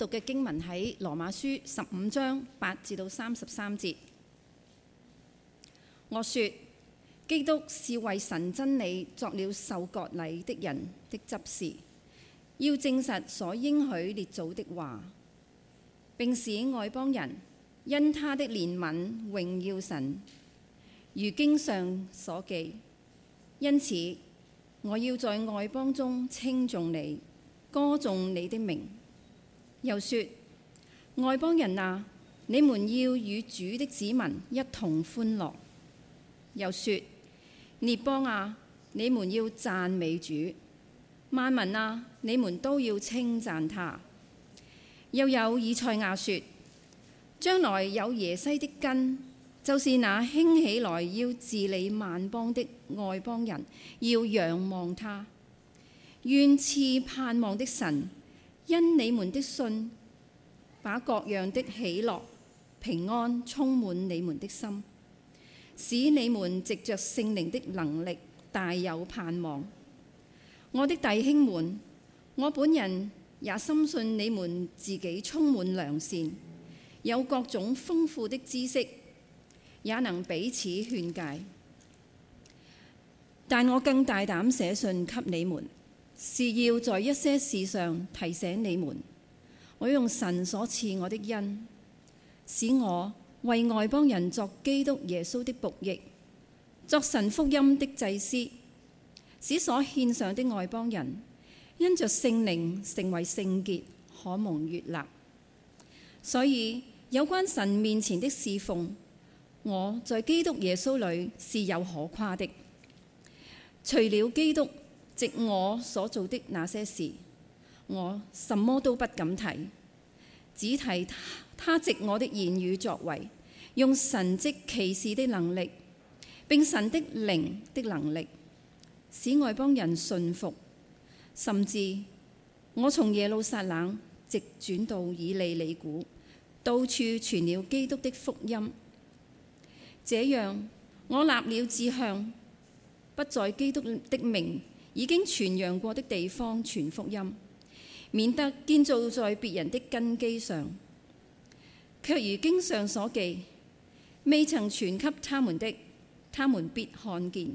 讀嘅經文喺羅馬書十五章八至到三十三節。我說，基督是為神真理作了受割禮的人的執事，要證實所應許列祖的話，並使外邦人因他的憐憫榮耀神，如經上所記。因此，我要在外邦中稱頌你，歌頌你的名。又說，外邦人啊，你們要與主的子民一同歡樂。又說，列邦啊，你們要讚美主。萬民啊，你們都要稱讚他。又有以賽亞說，將來有耶西的根，就是那、啊、興起來要治理萬邦的外邦人，要仰望他，願賜盼望的神，因你們的信，把各樣的喜樂、平安充滿你們的心，使你們藉着聖靈的能力大有盼望。我的弟兄們，我本人也深信你們自己充滿良善，有各種豐富的知識，也能彼此勸戒。但我更大膽寫信給你們。是要在一些事上提醒你們，我用神所賜我的恩，使我為外邦人作基督耶穌的僕役，作神福音的祭司，使所獻上的外邦人因着聖靈成為聖潔，可蒙悅納。所以有關神面前的侍奉，我在基督耶穌裏是有可誇的。除了基督。藉我所做的那些事，我什麼都不敢提，只提他藉我的言語作為，用神蹟奇事的能力，並神的靈的能力，使外邦人信服。甚至我從耶路撒冷直轉到以利利古，到處傳了基督的福音。這樣我立了志向，不在基督的名。已經傳揚過的地方，傳福音，免得建造在別人的根基上。卻如經上所記，未曾傳給他們的，他們必看見；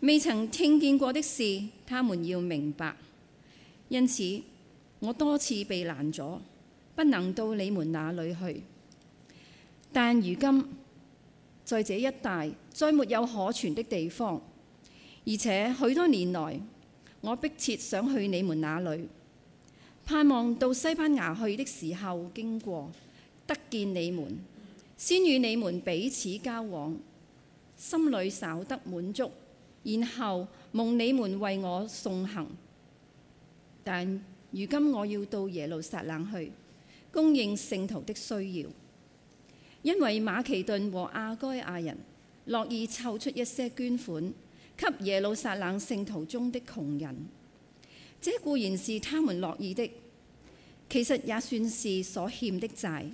未曾聽見過的事，他們要明白。因此，我多次被攔阻，不能到你們那裏去。但如今，在這一帶，再沒有可傳的地方。而且許多年來，我迫切想去你們那裏，盼望到西班牙去的時候經過，得見你們，先與你們彼此交往，心裏稍得滿足，然後蒙你們為我送行。但如今我要到耶路撒冷去，供應聖徒的需要，因為馬其頓和亞該亞人樂意湊出一些捐款。給耶路撒冷聖徒中的窮人，這固然是他們樂意的，其實也算是所欠的債，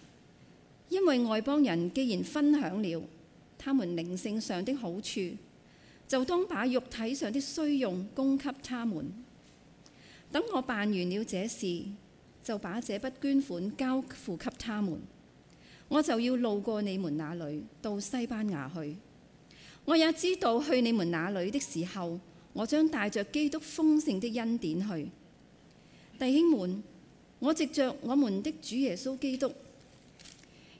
因為外邦人既然分享了他們靈性上的好處，就當把肉體上的需用供給他們。等我辦完了這事，就把這筆捐款交付給他們，我就要路過你們那裏，到西班牙去。我也知道去你們那裏的時候，我將帶着基督豐盛的恩典去。弟兄們，我藉着我們的主耶穌基督，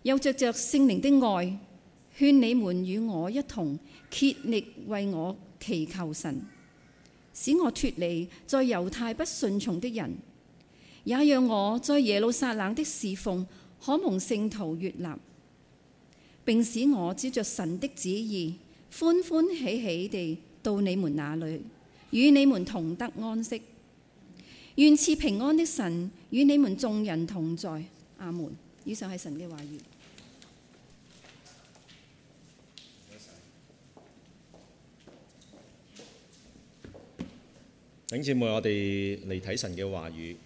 又藉着聖靈的愛，勸你們與我一同竭力為我祈求神，使我脱離在猶太不順從的人，也讓我在耶路撒冷的侍奉可蒙聖徒悦納，並使我照着神的旨意。歡歡喜喜地到你們那裏，與你們同得安息。願賜平安的神與你們眾人同在。阿門。以上係神嘅話語。請姐妹，我哋嚟睇神嘅話語。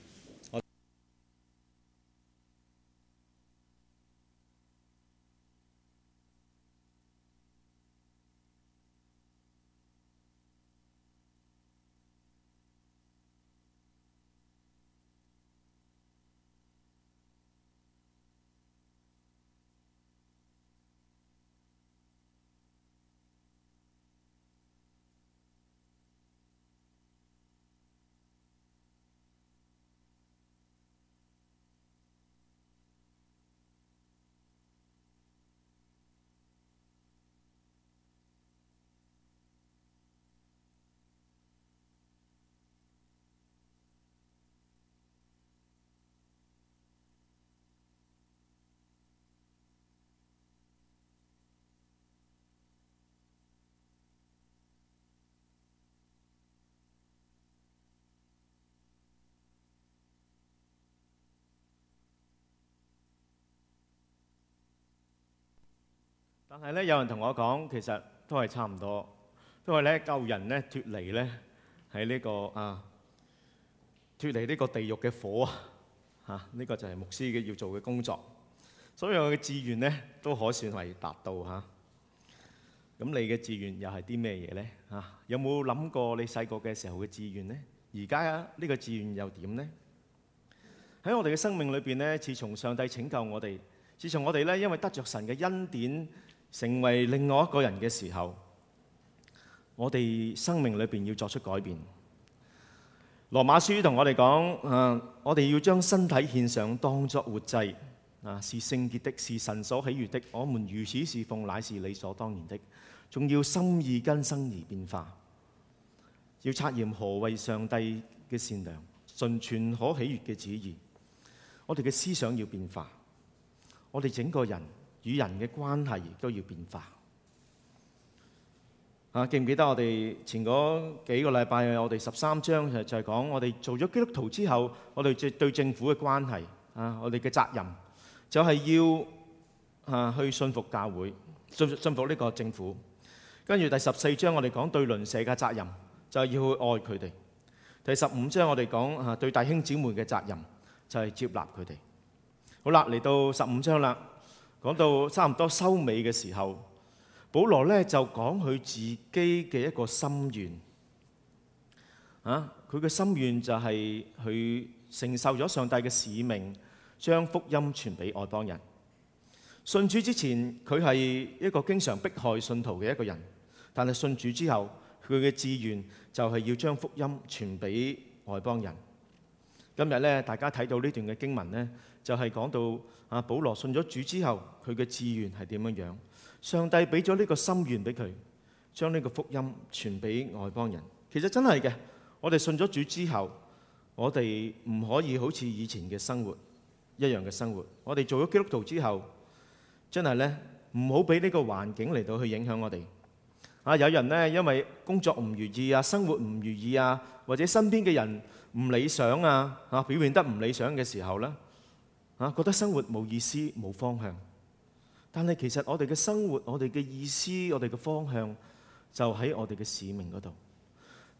但係咧，有人同我講，其實都係差唔多，因為咧救人咧脫離咧喺呢個啊，脫離呢個地獄嘅火啊吓，呢、這個就係牧師嘅要做嘅工作，所以我嘅志願咧，都可算係達到吓。咁、啊、你嘅志願又係啲咩嘢咧？吓、啊，有冇諗過你細個嘅時候嘅志願咧？而家啊呢個志願又點咧？喺我哋嘅生命裏邊咧，自從上帝拯救我哋，自從我哋咧因為得着神嘅恩典，成為另外一個人嘅時候，我哋生命裏邊要作出改變。羅馬書同我哋講：誒、啊，我哋要將身體獻上，當作活祭，啊，是聖潔的，是神所喜悅的。我們如此侍奉，乃是理所當然的。仲要心意更新而變化，要察驗何為上帝嘅善良，純全可喜悅嘅旨意。我哋嘅思想要變化，我哋整個人。與人嘅關係亦都要變化。啊，記唔記得我哋前嗰幾個禮拜，我哋十三章就係講我哋做咗基督徒之後，我哋對對政府嘅關係啊，我哋嘅責任就係要啊去信服教會，信信服呢個政府。跟住第十四章我哋講對鄰舍嘅責任，就係要去愛佢哋。第十五章我哋講啊對弟兄姊妹嘅責任，就係接納佢哋。好啦，嚟到十五章啦。講到差唔多收尾嘅時候，保羅咧就講佢自己嘅一個心願。啊，佢嘅心願就係佢承受咗上帝嘅使命，將福音傳俾外邦人。信主之前，佢係一個經常迫害信徒嘅一個人，但係信主之後，佢嘅志願就係要將福音傳俾外邦人。今日呢，大家睇到呢段嘅經文呢，就係講到啊，保羅信咗主之後，佢嘅志願係點樣樣？上帝俾咗呢個心願俾佢，將呢個福音傳俾外邦人。其實真係嘅，我哋信咗主之後，我哋唔可以好似以前嘅生活一樣嘅生活。我哋做咗基督徒之後，真係呢，唔好俾呢個環境嚟到去影響我哋。啊，有人呢，因為工作唔如意啊，生活唔如意啊，或者身邊嘅人，唔理想啊！嚇表現得唔理想嘅時候呢，嚇、啊、覺得生活冇意思、冇方向。但係其實我哋嘅生活、我哋嘅意思、我哋嘅方向，就喺我哋嘅使命嗰度。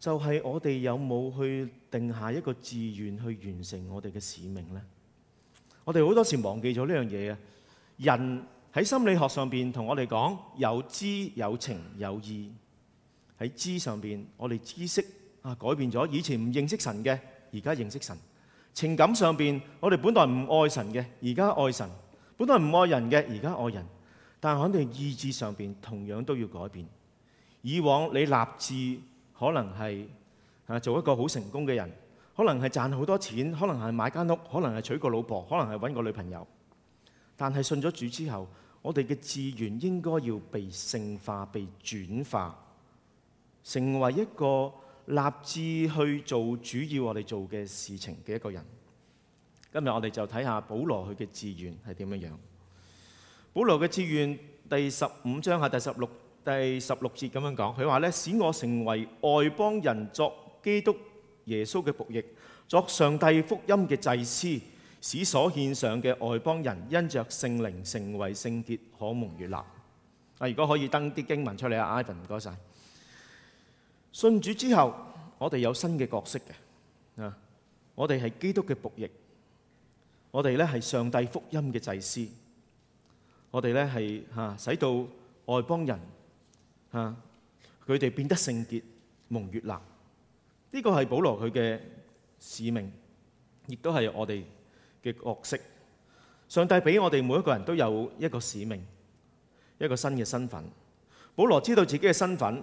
就係、是、我哋有冇去定下一個志願去完成我哋嘅使命呢？我哋好多時忘記咗呢樣嘢啊！人喺心理學上面同我哋講有知有情有意。喺知上面，我哋知識。啊！改變咗以前唔認識神嘅，而家認識神；情感上邊，我哋本來唔愛神嘅，而家愛神；本來唔愛人嘅，而家愛人。但係肯定意志上邊同樣都要改變。以往你立志可能係啊做一個好成功嘅人，可能係賺好多錢，可能係買間屋，可能係娶個老婆，可能係揾個女朋友。但係信咗主之後，我哋嘅志願應該要被聖化、被轉化，成為一個立志去做主要我哋做嘅事情嘅一個人。今日我哋就睇下保羅佢嘅志願係點樣樣。保羅嘅志願第十五章下第十六第十六節咁樣講，佢話咧，使我成為外邦人作基督耶穌嘅僕役，作上帝福音嘅祭司，使所獻上嘅外邦人因着聖靈成為聖潔，可蒙悦納。啊，如果可以登啲經文出嚟啊，Ivan 唔該晒。信主之後，我哋有新嘅角色嘅啊。我哋係基督嘅僕役，我哋咧，係上帝福音嘅祭司，我哋咧，係吓使到外邦人吓佢哋變得聖潔、蒙悅納。呢個係保羅佢嘅使命，亦都係我哋嘅角色。上帝俾我哋每一個人都有一個使命，一個新嘅身份。保羅知道自己嘅身份。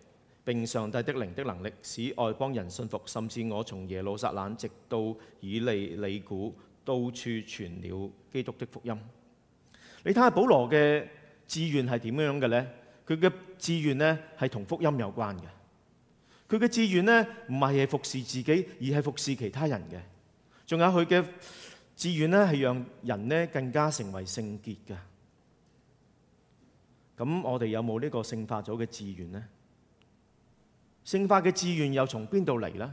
並上帝的靈的能力，使外邦人信服。甚至我從耶路撒冷直到以利利古，到處傳了基督的福音。你睇下保羅嘅志願係點樣嘅咧？佢嘅志願呢係同福音有關嘅。佢嘅志願呢唔係係服侍自己，而係服侍其他人嘅。仲有佢嘅志願呢係讓人咧更加成為聖潔嘅。咁我哋有冇呢個聖化咗嘅志願呢？聖化嘅志願又從邊度嚟咧？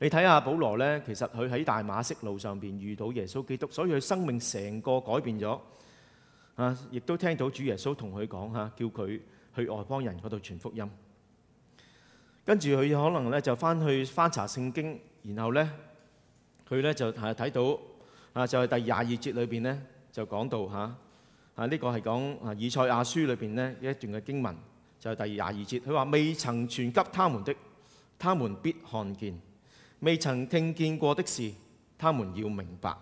你睇下保羅咧，其實佢喺大馬色路上邊遇到耶穌基督，所以佢生命成個改變咗。啊，亦都聽到主耶穌同佢講嚇，叫佢去外邦人嗰度傳福音。跟住佢可能咧就翻去翻查聖經，然後咧佢咧就係睇到啊，就係第廿二節裏邊咧就講到嚇啊，呢個係講啊以賽亞書裏邊呢一段嘅經文。就係第二廿二節，佢話，未曾傳給他們的，他們必看見，未曾聽見過的事，他們要明白。呢、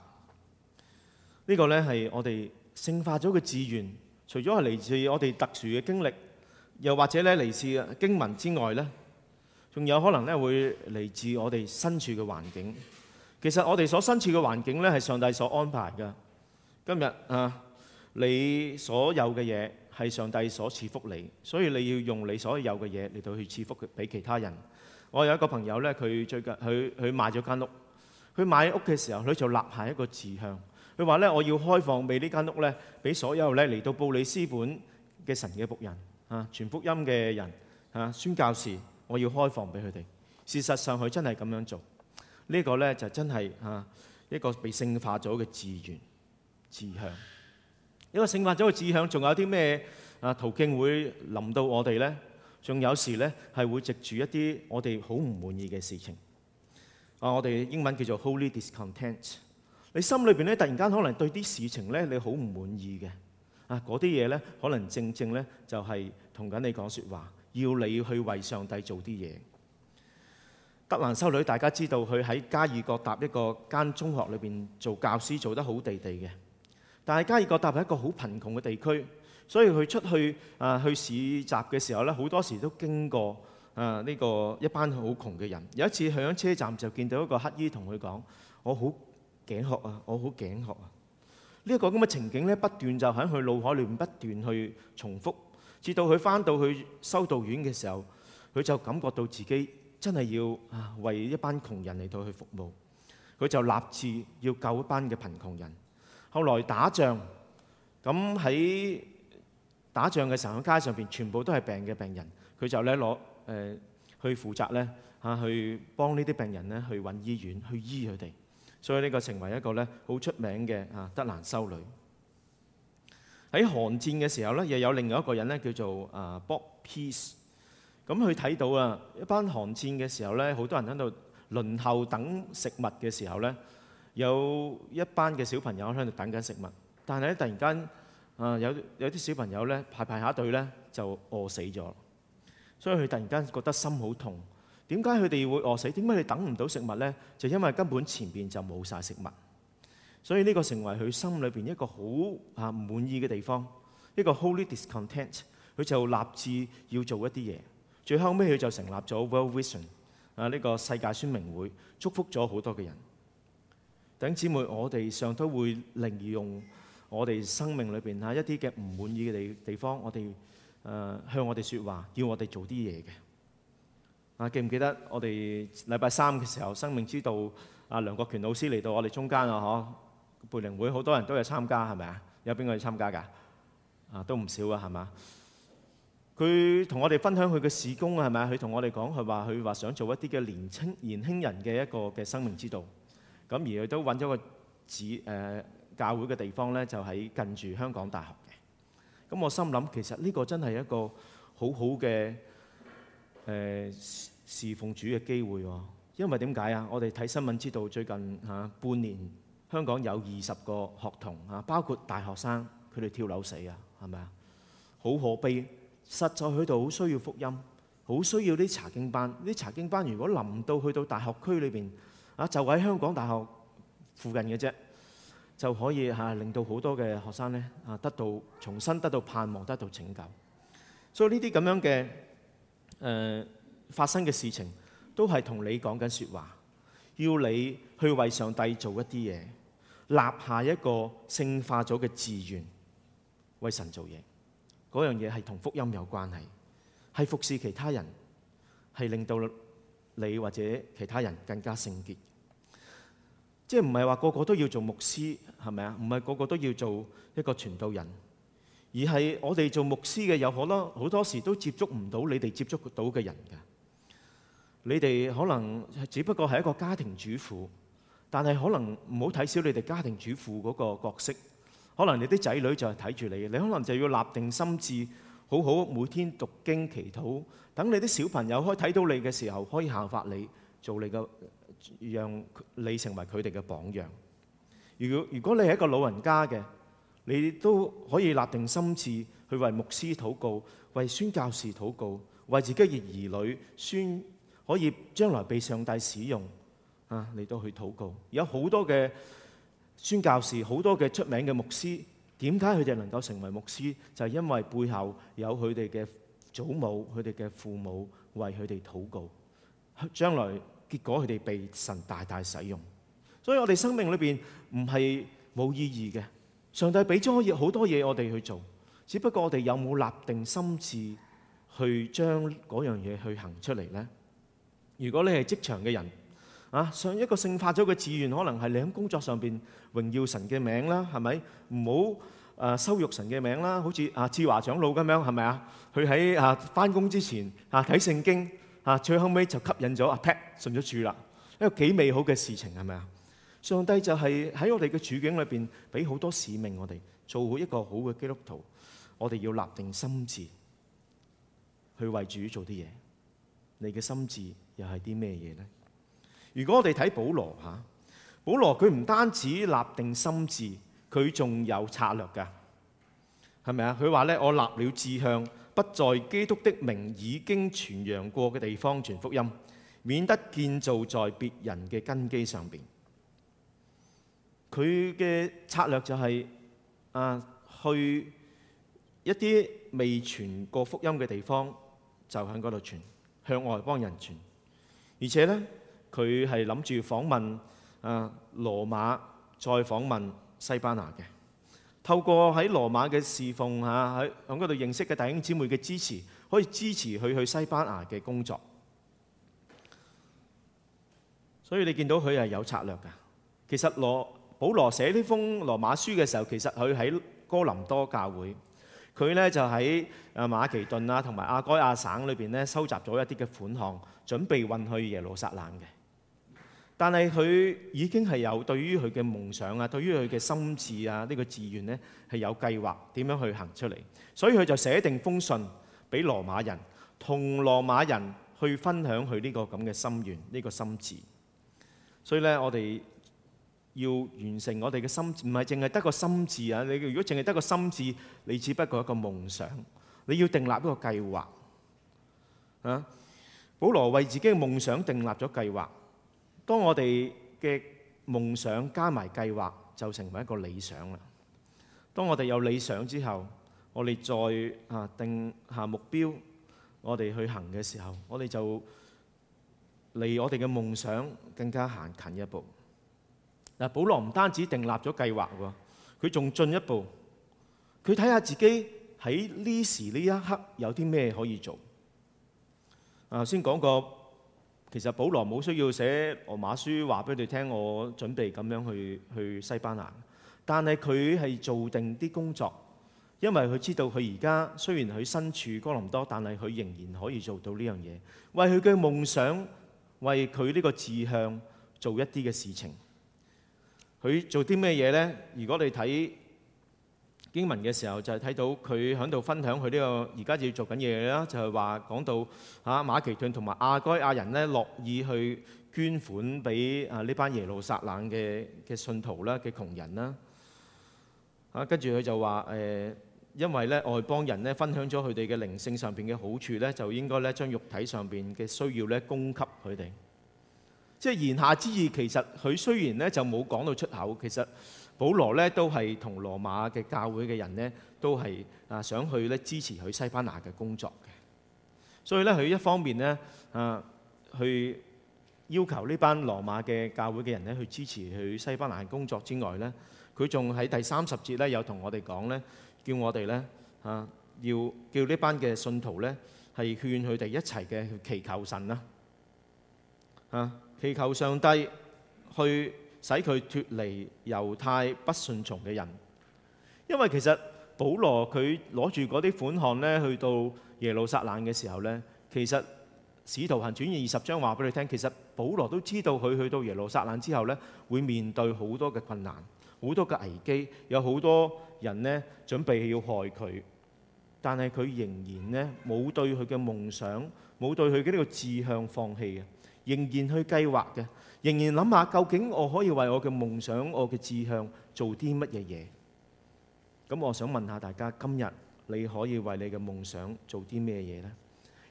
這個呢係我哋聖化咗嘅志願，除咗係嚟自我哋特殊嘅經歷，又或者呢嚟自經文之外呢，仲有可能呢會嚟自我哋身處嘅環境。其實我哋所身處嘅環境呢，係上帝所安排嘅。今日啊，你所有嘅嘢。係上帝所賜福你，所以你要用你所有嘅嘢嚟到去賜福佢俾其他人。我有一個朋友呢，佢最近佢佢買咗間屋。佢買屋嘅時候，佢就立下一個志向，佢話呢，我要開放俾呢間屋呢俾所有呢嚟到布里斯本嘅神嘅僕人啊，傳福音嘅人啊，宣教士，我要開放俾佢哋。事實上佢真係咁樣做，呢、這個呢，就真係啊一個被聖化咗嘅志願、志向。一個聖化咗嘅志向，仲有啲咩啊途徑會臨到我哋呢？仲有時呢，係會藉住一啲我哋好唔滿意嘅事情。啊，我哋英文叫做 Holy Discontent。你心裏邊呢，突然間可能對啲事情呢，你好唔滿意嘅啊，嗰啲嘢呢，可能正正呢就係同緊你講説話，要你去為上帝做啲嘢。德蘭修女大家知道，佢喺加爾各答一個間中學裏邊做教師，做得好地地嘅。但加爾各答係一個好貧窮嘅地區，所以佢出去啊、呃、去市集嘅時候咧，好多時都經過啊呢、呃這個一班好窮嘅人。有一次喺車站就見到一個乞丐同佢講：我好頸渴啊！我好頸渴啊！呢一、這個咁嘅情景咧，不斷就喺佢腦海裏面不斷去重複，直到佢翻到去修道院嘅時候，佢就感覺到自己真係要啊為一班窮人嚟到去服務，佢就立志要救一班嘅貧窮人。後來打仗，咁喺打仗嘅時候，喺街上邊全部都係病嘅病人，佢就咧攞誒去負責咧嚇，去幫呢啲病人咧去搵醫院去醫佢哋，所以呢個成為一個咧好出名嘅嚇德蘭修女。喺韓戰嘅時候咧，又有另外一個人咧叫做啊 Bob Peace，咁佢睇到啊一班韓戰嘅時候咧，好多人喺度輪候等食物嘅時候咧。有一班嘅小朋友喺度等緊食物，但係咧突然間啊，有有啲小朋友咧排排下隊咧就餓死咗，所以佢突然間覺得心好痛。點解佢哋會餓死？點解你等唔到食物咧？就因為根本前邊就冇晒食物，所以呢個成為佢心裏邊一個好啊唔滿意嘅地方，一個 Holy Discontent。佢就立志要做一啲嘢，最後尾佢就成立咗 World Vision 啊呢個世界宣明會祝福咗好多嘅人。等姊妹，我哋上都會利用我哋生命裏邊嚇一啲嘅唔滿意嘅地地方，我哋誒向我哋説話，叫我哋做啲嘢嘅。啊，記唔記得我哋禮拜三嘅時候，生命之道啊，梁國權老師嚟到我哋中間啊，嗬，培靈會好多人都有參加，係咪啊？有邊個去參加㗎？啊，都唔少啊，係嘛？佢同我哋分享佢嘅事工，係咪啊？佢同我哋講佢話佢話想做一啲嘅年青年輕人嘅一個嘅生命之道。咁而佢都揾咗個主誒教會嘅地方咧，就喺近住香港大學嘅。咁我心諗其實呢個真係一個好好嘅誒侍奉主嘅機會喎。因為點解啊？我哋睇新聞知道最近嚇半年香港有二十個學童啊，包括大學生佢哋跳樓死啊，係咪啊？好可悲！實在去到好需要福音，好需要啲查經班。啲查經班如果臨到去到大學區裏邊，啊，就喺香港大學附近嘅啫，就可以嚇令到好多嘅學生咧啊，得到重新得到盼望，得到拯救。所以呢啲咁樣嘅誒、呃、發生嘅事情，都係同你講緊説話，要你去為上帝做一啲嘢，立下一個聖化咗嘅志願，為神做嘢。嗰樣嘢係同福音有關係，係服侍其他人，係令到。你或者其他人更加聖潔，即係唔係話個個都要做牧師係咪啊？唔係個個都要做一個傳道人，而係我哋做牧師嘅，有可能好多時都接觸唔到你哋接觸到嘅人嘅。你哋可能只不過係一個家庭主婦，但係可能唔好睇小你哋家庭主婦嗰個角色。可能你啲仔女就係睇住你，你可能就要立定心志。好好每天讀經祈禱，等你啲小朋友可以睇到你嘅時候，可以效法你，做你嘅，讓你成為佢哋嘅榜樣。如果如果你係一個老人家嘅，你都可以立定心志去為牧師禱告，為宣教士禱告，為自己嘅兒女孫可以將來被上帝使用啊，你都去禱告。有好多嘅宣教士，好多嘅出名嘅牧師。點解佢哋能夠成為牧師？就係因為背後有佢哋嘅祖母、佢哋嘅父母為佢哋禱告。將來結果佢哋被神大大使用。所以我哋生命裏邊唔係冇意義嘅。上帝俾咗好多嘢我哋去做，只不過我哋有冇立定心志去將嗰樣嘢去行出嚟呢？如果你係職場嘅人。啊，上一個聖化咗嘅志願，可能係你喺工作上邊榮耀神嘅名啦，係咪？唔好誒羞辱神嘅名啦，好似阿志華長老咁樣，係咪啊？佢喺啊返工之前啊睇聖經，啊最後尾就吸引咗阿 Pat 信咗主啦，一個幾美好嘅事情，係咪啊？上帝就係喺我哋嘅處境裏邊，俾好多使命我哋做好一個好嘅基督徒。我哋要立定心志，去為主做啲嘢。你嘅心志又係啲咩嘢咧？如果我哋睇保羅吓，保羅佢唔單止立定心志，佢仲有策略㗎，係咪啊？佢話咧：我立了志向，不在基督的名已經傳揚過嘅地方傳福音，免得建造在別人嘅根基上邊。佢嘅策略就係啊，去一啲未傳過福音嘅地方，就喺嗰度傳向外邦人傳，而且咧。佢係諗住訪問啊羅馬，再訪問西班牙嘅。透過喺羅馬嘅侍奉吓，喺喺嗰度認識嘅弟兄姊妹嘅支持，可以支持佢去西班牙嘅工作。所以你見到佢係有策略㗎。其實羅保羅寫呢封羅馬書嘅時候，其實佢喺哥林多教會，佢咧就喺啊馬其頓啊同埋亞該亞省裏邊咧收集咗一啲嘅款項，準備運去耶路撒冷嘅。但係佢已經係有對於佢嘅夢想啊，對於佢嘅心志啊，呢個志願咧係有計劃點樣去行出嚟，所以佢就寫定封信俾羅馬人，同羅馬人去分享佢呢個咁嘅心願，呢個心志。所以咧，我哋要完成我哋嘅心志，唔係淨係得個心志啊！你如果淨係得個心志，你只不過一個夢想，你要訂立一個計劃啊！保羅為自己嘅夢想訂立咗計劃。當我哋嘅夢想加埋計劃，就成為一個理想啦。當我哋有理想之後，我哋再啊定下目標，我哋去行嘅時候，我哋就離我哋嘅夢想更加行近一步。嗱，保羅唔單止訂立咗計劃喎，佢仲進一步，佢睇下自己喺呢時呢一刻有啲咩可以做。啊，先講過。其實保羅冇需要寫羅馬書話俾佢聽，我準備咁樣去去西班牙。但係佢係做定啲工作，因為佢知道佢而家雖然佢身處哥林多，但係佢仍然可以做到呢樣嘢，為佢嘅夢想，為佢呢個志向做一啲嘅事情。佢做啲咩嘢呢？如果你睇經文嘅時候，就係睇到佢喺度分享佢呢個而家要做緊嘢啦，就係話講到啊馬其頓同埋亞該亞人呢樂意去捐款俾啊呢班耶路撒冷嘅嘅信徒啦嘅窮人啦，啊跟住佢就話誒，因為呢外邦人呢分享咗佢哋嘅靈性上邊嘅好處呢，就應該呢將肉體上邊嘅需要呢供給佢哋，即係言下之意，其實佢雖然呢就冇講到出口，其實。保羅咧都係同羅馬嘅教會嘅人咧，都係啊想去咧支持去西班牙嘅工作嘅。所以咧，佢一方面咧啊，去要求呢班羅馬嘅教會嘅人咧去支持去西班牙工作之外咧，佢仲喺第三十節咧有同我哋講咧，叫我哋咧啊要叫呢班嘅信徒咧係勸佢哋一齊嘅祈求神啦，啊祈求上帝去。使佢脫離猶太不順從嘅人，因為其實保羅佢攞住嗰啲款項咧，去到耶路撒冷嘅時候咧，其實使徒行傳二十章話俾你聽，其實保羅都知道佢去到耶路撒冷之後咧，會面對好多嘅困難，好多嘅危機，有好多人呢準備要害佢，但係佢仍然呢冇對佢嘅夢想，冇對佢嘅呢個志向放棄嘅，仍然去計劃嘅。仍然諗下，究竟我可以為我嘅夢想、我嘅志向做啲乜嘢嘢？咁我想問下大家，今日你可以為你嘅夢想做啲咩嘢呢？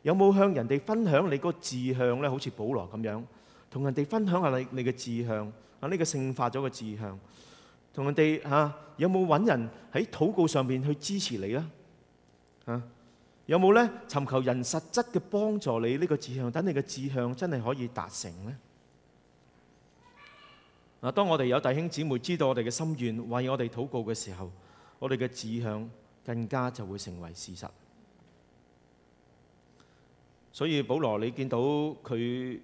有冇向人哋分享你個志向呢？好似保羅咁樣，同人哋分享下你你嘅志向啊，呢個勝化咗個志向，同人哋吓有冇揾人喺禱告上面去支持你呢？吓有冇呢尋求人實質嘅幫助你呢個志向，等你嘅志向真係可以達成呢？嗱，當我哋有弟兄姊妹知道我哋嘅心願，為我哋禱告嘅時候，我哋嘅志向更加就會成為事實。所以保羅，你見到佢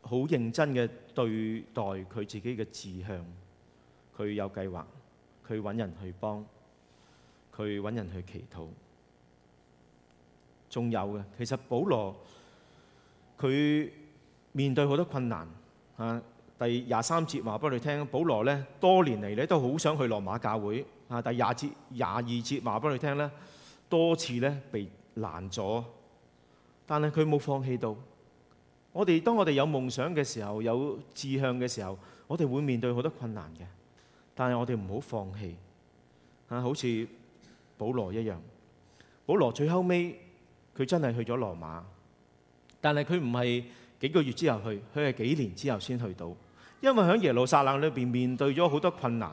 好認真嘅對待佢自己嘅志向，佢有計劃，佢揾人去幫，佢揾人去祈禱，仲有嘅。其實保羅佢面對好多困難，嚇。第廿三節話俾你聽，保羅咧多年嚟咧都好想去羅馬教會啊。第廿節、廿二節話俾你聽咧，多次咧被攔阻。但係佢冇放棄到。我哋當我哋有夢想嘅時候，有志向嘅時候，我哋會面對好多困難嘅，但係我哋唔好放棄啊！好似保羅一樣，保羅最後尾佢真係去咗羅馬，但係佢唔係幾個月之後去，佢係幾年之後先去到。因為喺耶路撒冷裏邊面面對咗好多困難，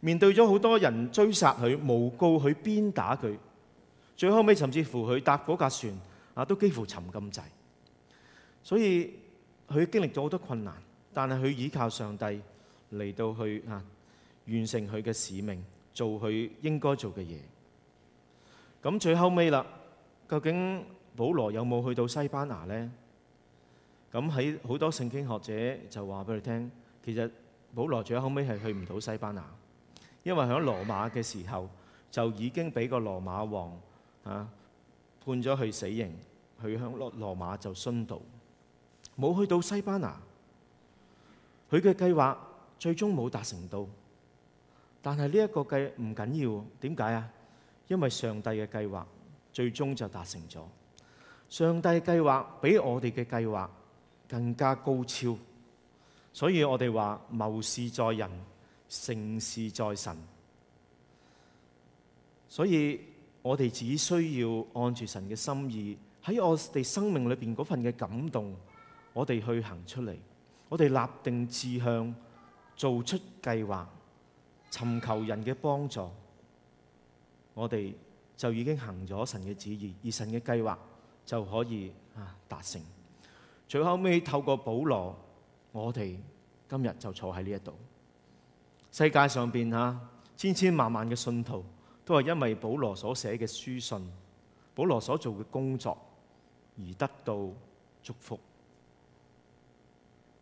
面對咗好多人追殺佢、誣告佢、鞭打佢，最後尾甚至乎佢搭嗰架船啊都幾乎沉咁滯，所以佢經歷咗好多困難，但係佢依靠上帝嚟到去啊完成佢嘅使命，做佢應該做嘅嘢。咁最後尾啦，究竟保羅有冇去到西班牙呢？咁喺好多聖經學者就話俾佢聽，其實保羅最後尾係去唔到西班牙，因為喺羅馬嘅時候就已經俾個羅馬王嚇、啊、判咗去死刑，佢向羅羅馬就殉道，冇去到西班牙，佢嘅計劃最終冇達成到。但係呢一個計唔緊要，點解啊？因為上帝嘅計劃最終就達成咗，上帝計劃俾我哋嘅計劃。更加高超，所以我哋話謀事在人，成事在神。所以我哋只需要按住神嘅心意，喺我哋生命裏邊嗰份嘅感動，我哋去行出嚟，我哋立定志向，做出計劃，尋求人嘅幫助，我哋就已經行咗神嘅旨意，而神嘅計劃就可以啊達成。最後尾透過保羅，我哋今日就坐喺呢一度。世界上邊吓千千萬萬嘅信徒，都係因為保羅所寫嘅書信、保羅所做嘅工作而得到祝福。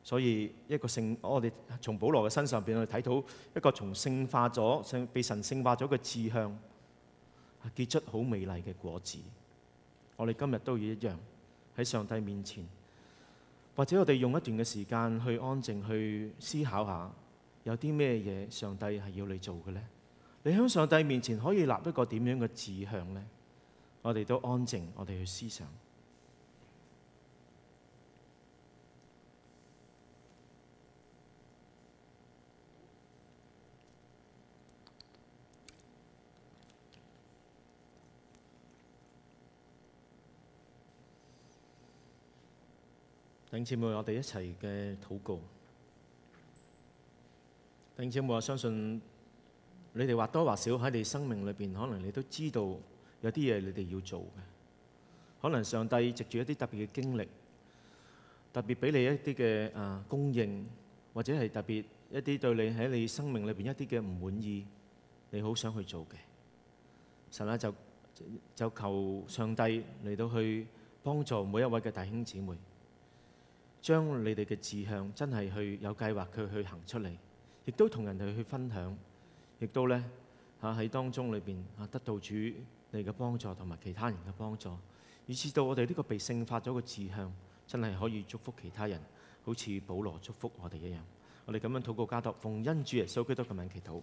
所以一個聖，我哋從保羅嘅身上邊去睇到一個從聖化咗、被神聖化咗嘅志向，結出好美麗嘅果子。我哋今日都要一樣喺上帝面前。或者我哋用一段嘅時間去安靜去思考下，有啲咩嘢上帝係要你做嘅咧？你響上帝面前可以立一個點樣嘅志向咧？我哋都安靜，我哋去思想。弟兄姊妹，我哋一齊嘅禱告。弟兄姊妹，我相信你哋或多或少喺你生命裏邊，可能你都知道有啲嘢你哋要做嘅。可能上帝藉住一啲特別嘅經歷，特別俾你一啲嘅啊供應，或者係特別一啲對你喺你生命裏邊一啲嘅唔滿意，你好想去做嘅。神啊，就就求上帝嚟到去幫助每一位嘅弟兄姊妹。將你哋嘅志向真係去有計劃佢去行出嚟，亦都同人哋去分享，亦都呢，嚇喺當中裏邊嚇得到主你嘅幫助同埋其他人嘅幫助，以至到我哋呢個被聖發咗嘅志向真係可以祝福其他人，好似保羅祝福我哋一樣。我哋咁樣禱告交託，奉恩主耶穌基督嘅名祈禱。